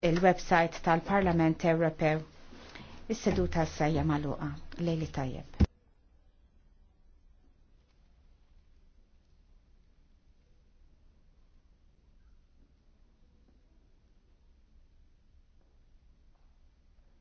il-website tal-Parlament Ewropew. Is-seduta s-sajja maluqa, lejli tajjeb.